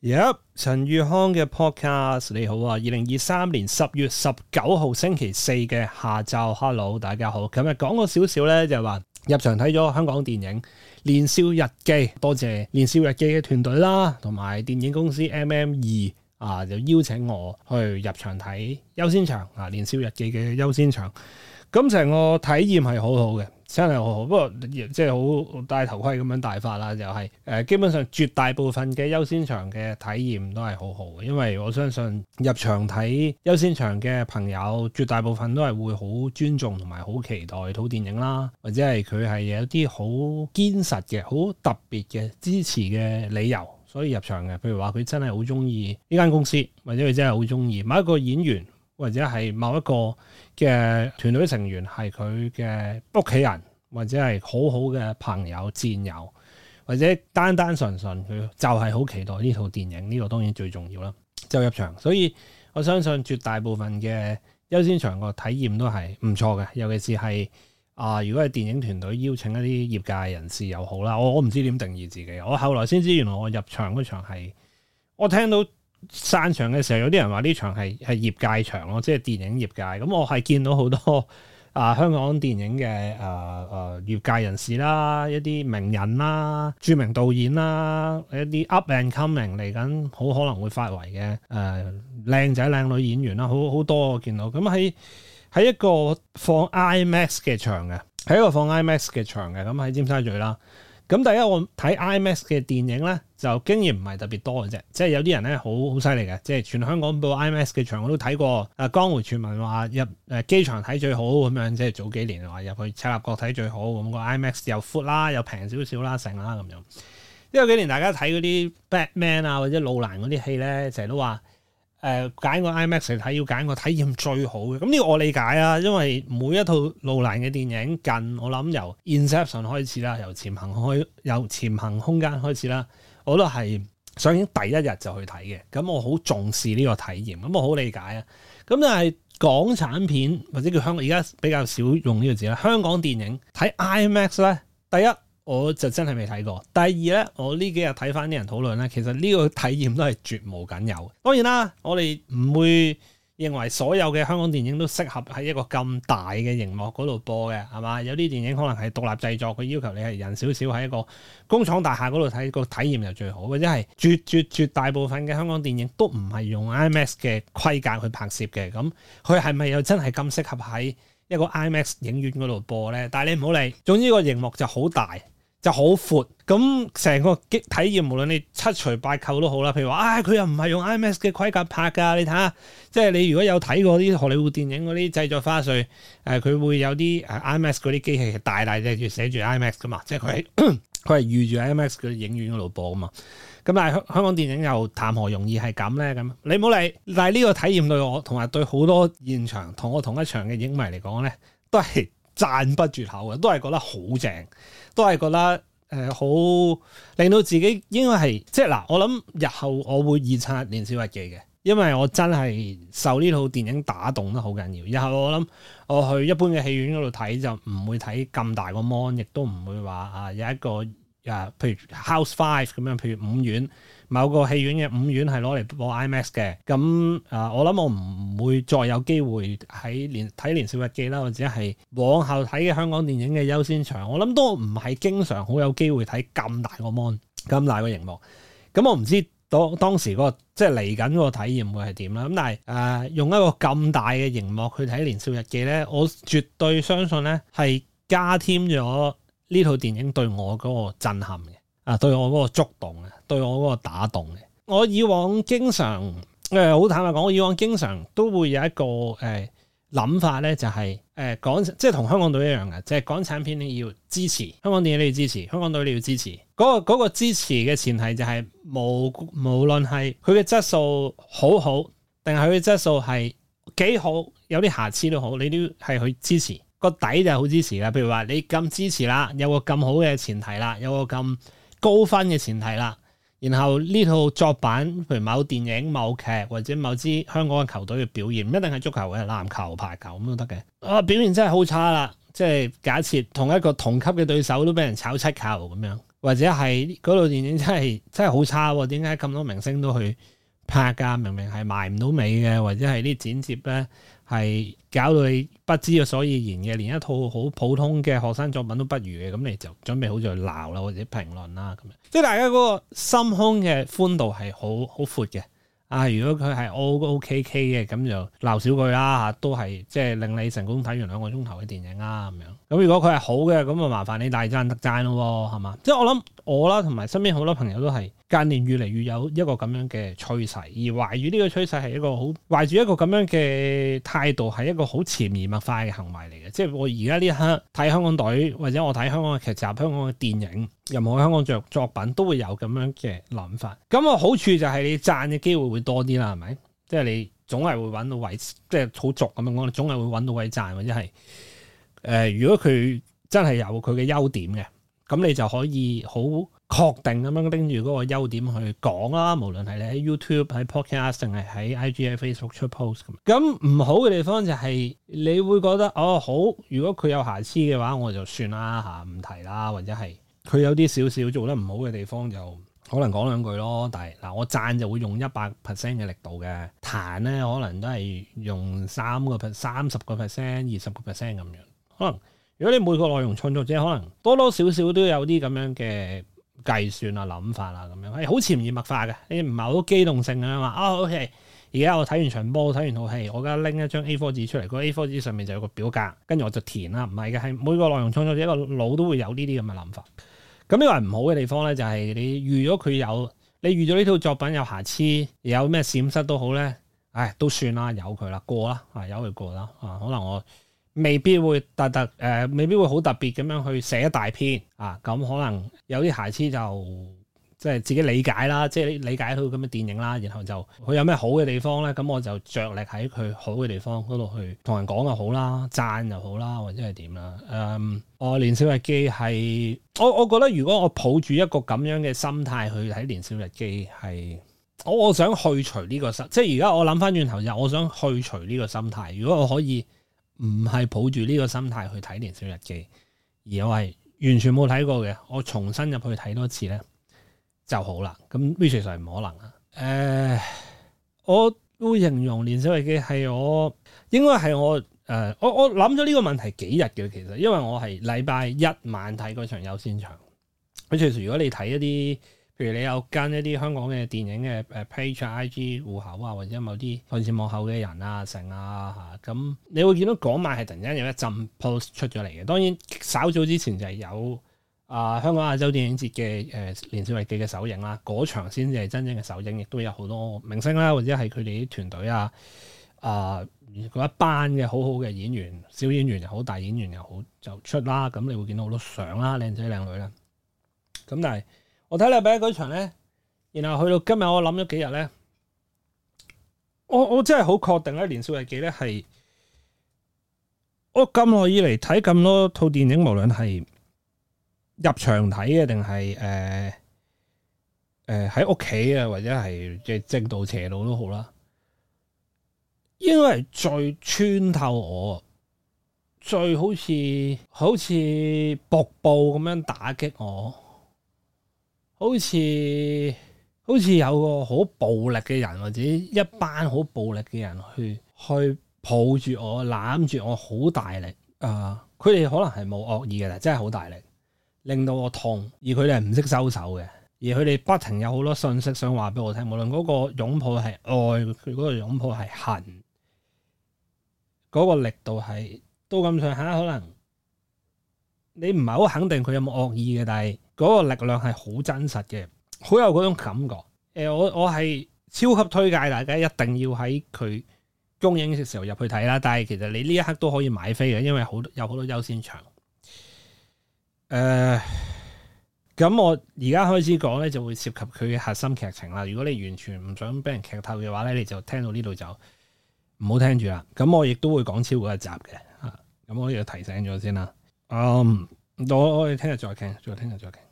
Yep，陳宇康嘅 podcast，你好啊！二零二三年十月十九號星期四嘅下晝，hello，大家好。琴日講過少少呢，就係話入場睇咗香港電影《年少日記》，多謝《年少日記》嘅團隊啦，同埋電影公司 MM2 啊，就邀請我去入場睇優先場啊，《年少日記》嘅優先場，咁成個體驗係好好嘅。真係好好，不過即係好戴頭盔咁樣戴法啦，就係，就係誒基本上絕大部分嘅優先場嘅體驗都係好好嘅，因為我相信入場睇優先場嘅朋友，絕大部分都係會好尊重同埋好期待套電影啦，或者係佢係有一啲好堅實嘅、好特別嘅支持嘅理由，所以入場嘅，譬如話佢真係好鍾意呢間公司，或者佢真係好鍾意某一個演員，或者係某一個嘅團隊成員係佢嘅屋企人，或者係好好嘅朋友、戰友，或者單單純純佢就係好期待呢套電影。呢個當然最重要啦，就入場。所以我相信絕大部分嘅優先場個體驗都係唔錯嘅，尤其是係啊、呃，如果係電影團隊邀請一啲業界人士又好啦。我我唔知點定義自己，我後來先知原來我入場嗰場係我聽到。散場嘅時候，有啲人話呢場係係業界場咯，即係電影業界。咁我係見到好多啊、呃、香港電影嘅誒誒業界人士啦，一啲名人啦，著名導演啦，一啲 up and coming 嚟緊好可能會發圍嘅誒靚仔靚女演員啦，好好多我見到。咁喺喺一個放 IMAX 嘅場嘅，喺一個放 IMAX 嘅場嘅，咁喺尖沙咀啦。咁第一我睇 IMAX 嘅電影咧，就經驗唔係特別多嘅啫，即係有啲人咧好好犀利嘅，即係全香港部 IMAX 嘅場我都睇過。啊，江湖傳聞話入誒機場睇最好咁樣，即係早幾年話入去赤鱲角睇最好，咁個 IMAX 又闊啦，又平少少啦，成啦咁樣。呢個幾年大家睇嗰啲 Batman 啊或者路蘭嗰啲戲咧，成日都話。誒揀個 IMAX 嚟睇，要揀個體驗最好嘅。咁呢個我理解啊，因為每一套路蘭嘅電影近，我諗由 Inception 開始啦，由潛行開，由潛行空間開始啦，我都係想第一日就去睇嘅。咁我好重視呢個體驗，咁我好理解啊。咁就係港產片或者叫香港，而家比較少用呢個字啦。香港電影睇 IMAX 咧，第一。我就真係未睇過。第二呢，我呢幾日睇翻啲人討論呢，其實呢個體驗都係絕無僅有。當然啦，啊，我哋唔會認為所有嘅香港電影都適合喺一個咁大嘅熒幕嗰度播嘅，係嘛？有啲電影可能係獨立製作，佢要求你係人少少喺一個工廠大廈嗰度睇，個體驗又最好。或者係絕絕絕大部分嘅香港電影都唔係用 IMAX 嘅規格去拍攝嘅，咁佢係咪又真係咁適合喺一個 IMAX 影院嗰度播呢？但係你唔好理，總之個熒幕就好大。就好闊，咁、嗯、成個激體驗，無論你七除八扣都好啦。譬如話，啊、哎、佢又唔係用 IMAX 嘅規格拍㗎，你睇下，即係你如果有睇過啲荷里活電影嗰啲製作花絮，誒、呃、佢會有啲誒、啊、IMAX 嗰啲機器，大大隻，寫住 IMAX 㗎嘛，即係佢佢係預住 IMAX 嘅影院度播啊嘛。咁但係香港電影又談何容易係咁咧？咁你唔好理，但係呢個體驗對我同埋對好多現場同我同一場嘅影迷嚟講咧，都係。讚不絕口嘅，都係覺得好正，都係覺得誒好、呃、令到自己應該係即係嗱、呃，我諗日後我會二刷《年少日記》嘅，因為我真係受呢套電影打動得好緊要。日後我諗我去一般嘅戲院嗰度睇就唔會睇咁大個 mon，亦都唔會話啊有一個。啊，譬如 House Five 咁樣，譬如五院，某個戲院嘅五院係攞嚟播 IMAX 嘅。咁、嗯、啊，我諗我唔會再有機會喺連睇《年少日記》啦，或者係往後睇嘅香港電影嘅優先場，我諗都唔係經常好有機會睇咁大個 mon，咁大個熒幕。咁、嗯、我唔知當當時嗰、那個即係嚟緊個體驗會係點啦。咁、嗯、但係誒、呃，用一個咁大嘅熒幕去睇《年少日記》咧，我絕對相信咧係加添咗。呢套電影對我嗰個震撼嘅，啊對我嗰個觸動嘅，對我嗰個，個打動嘅。我以往經常誒好、呃、坦白講，我以往經常都會有一個誒諗、呃、法咧，就係、是、誒、呃、港即係同香港隊一樣嘅，就係港產片你要支持，香港電影你要支持，香港隊你要支持。嗰、那個那個支持嘅前提就係、是、無無論係佢嘅質素好好，定係佢嘅質素係幾好，有啲瑕疵都好，你都要係去支持。個底就係好支持啦，譬如話你咁支持啦，有個咁好嘅前提啦，有個咁高分嘅前提啦，然後呢套作品，譬如某電影、某劇或者某支香港嘅球隊嘅表現，唔一定係足球，或者籃球、排球咁都得嘅。啊，表現真係好差啦！即係假設同一個同級嘅對手都俾人炒七球咁樣，或者係嗰套電影真係真係好差喎，點解咁多明星都去拍噶，明明係埋唔到尾嘅，或者係啲剪接咧，係搞到你不知所以然嘅，連一套好普通嘅學生作品都不如嘅，咁你就準備好就去鬧啦，或者評論啦咁樣。即係大家嗰個心胸嘅寬度係好好闊嘅。啊，如果佢係 OK 嘅，咁就鬧少句啦嚇，都係即係令你成功睇完兩個鐘頭嘅電影啦。咁樣。咁如果佢係好嘅，咁就麻煩你大讚特讚咯，係嘛？即係我諗我啦，同埋身邊好多朋友都係近年越嚟越有一個咁樣嘅趨勢，而懷住呢個趨勢係一個好懷住一個咁樣嘅態度，係一個好潛移默化嘅行為嚟嘅。即係我而家呢一刻睇香港隊，或者我睇香港嘅劇集、香港嘅電影、任何香港作作品，都會有咁樣嘅諗法。咁個好處就係你讚嘅機會會多啲啦，係咪？即係你總係會揾到位，即係好俗咁樣講，你總係會揾到位讚，或者係。誒、呃，如果佢真係有佢嘅優點嘅，咁你就可以好確定咁樣拎住嗰個優點去講啦。無論係你喺 YouTube、喺 Podcast 定係喺 IG、喺 Facebook 出 post 咁。唔好嘅地方就係你會覺得哦，好，如果佢有瑕疵嘅話，我就算啦嚇，唔提啦，或者係佢有啲少少做得唔好嘅地方，就可能講兩句咯。但係嗱，我讚就會用一百 percent 嘅力度嘅，彈咧可能都係用三個 per 三十個 percent、二十個 percent 咁樣。可能如果你每個內容創作者可能多多少少都有啲咁樣嘅計算啊、諗法啊咁樣，係好潛移默化嘅，你唔係好機動性噶嘛？啊，OK，而家我睇完場波，睇完套戲，我而家拎一張 A4 紙出嚟，個 A4 紙上面就有個表格，跟住我就填啦。唔係嘅，係每個內容創作者個腦都會有呢啲咁嘅諗法。咁呢個係唔好嘅地方咧，就係、是、你預咗佢有，你預咗呢套作品有瑕疵，有咩閃失都好咧，唉，都算啦，由佢啦，過啦，由佢過啦，啊，可能我。未必會特特誒、呃，未必會好特別咁樣去寫一大篇啊！咁可能有啲瑕疵就即係自己理解啦，即係理解佢咁嘅電影啦。然後就佢有咩好嘅地方咧，咁我就着力喺佢好嘅地方嗰度去同人講又好啦，讚又好啦，或者係點啦？誒、嗯，我年少日記係我，我覺得如果我抱住一個咁樣嘅心態去睇年少日記係，我、我想去除呢、呢個心，即係而家我諗翻轉頭就我想去除呢個心態。如果我可以。唔係抱住呢個心態去睇《年少日記》，而我係完全冇睇過嘅，我重新入去睇多次咧就好啦。咁其實係唔可能啊。誒、呃，我會形容《年少日記》係我應該係我誒、呃，我我諗咗呢個問題幾日嘅其實，因為我係禮拜一晚睇嗰場優先場。佢其實如果你睇一啲。譬如你有跟一啲香港嘅電影嘅誒 page、啊、IG 戶口啊，或者某啲電視網口嘅人啊、成啊嚇，咁你會見到嗰晚係突然間有一陣 post 出咗嚟嘅。當然稍早之前就係有啊香港亞洲電影節嘅誒年少日記嘅首映啦，嗰場先至係真正嘅首映，亦都有好多明星啦，或者係佢哋啲團隊啊啊嗰一班嘅好好嘅演員，小演員又好，大演員又好就出啦。咁你會見到好多相啦，靚仔靚女啦。咁但係。我睇禮拜一場咧，然後去到今日，我諗咗幾日咧，我我真係好確定咧，《年少日記》咧係我咁耐以嚟睇咁多套電影，無論係入場睇嘅，定係誒誒喺屋企啊，或者係即係正道斜路都好啦，因為最穿透我，最好似好似瀑布咁樣打擊我。好似好似有個好暴力嘅人或者一班好暴力嘅人去去抱住我攬住我好大力啊！呃，佢哋可能係冇惡意嘅，但真係好大力，令到我痛。而佢哋係唔識收手嘅，而佢哋不停有好多信息想話俾我聽。無論嗰個擁抱係愛，佢嗰個擁抱係恨，嗰個力度係都咁上下。可能你唔係好肯定佢有冇惡意嘅，但係。嗰個力量係好真實嘅，好有嗰種感覺。誒、呃，我我係超級推介大家一定要喺佢公映嘅時候入去睇啦。但係其實你呢一刻都可以買飛嘅，因為好有好多優先場。誒、呃，咁我而家開始講咧，就會涉及佢嘅核心劇情啦。如果你完全唔想俾人劇透嘅話咧，你就聽到呢度就唔好聽住啦。咁我亦都會講超過一集嘅嚇。咁、啊、我亦提醒咗先啦。嗯，我我哋聽日再傾，再聽日再傾。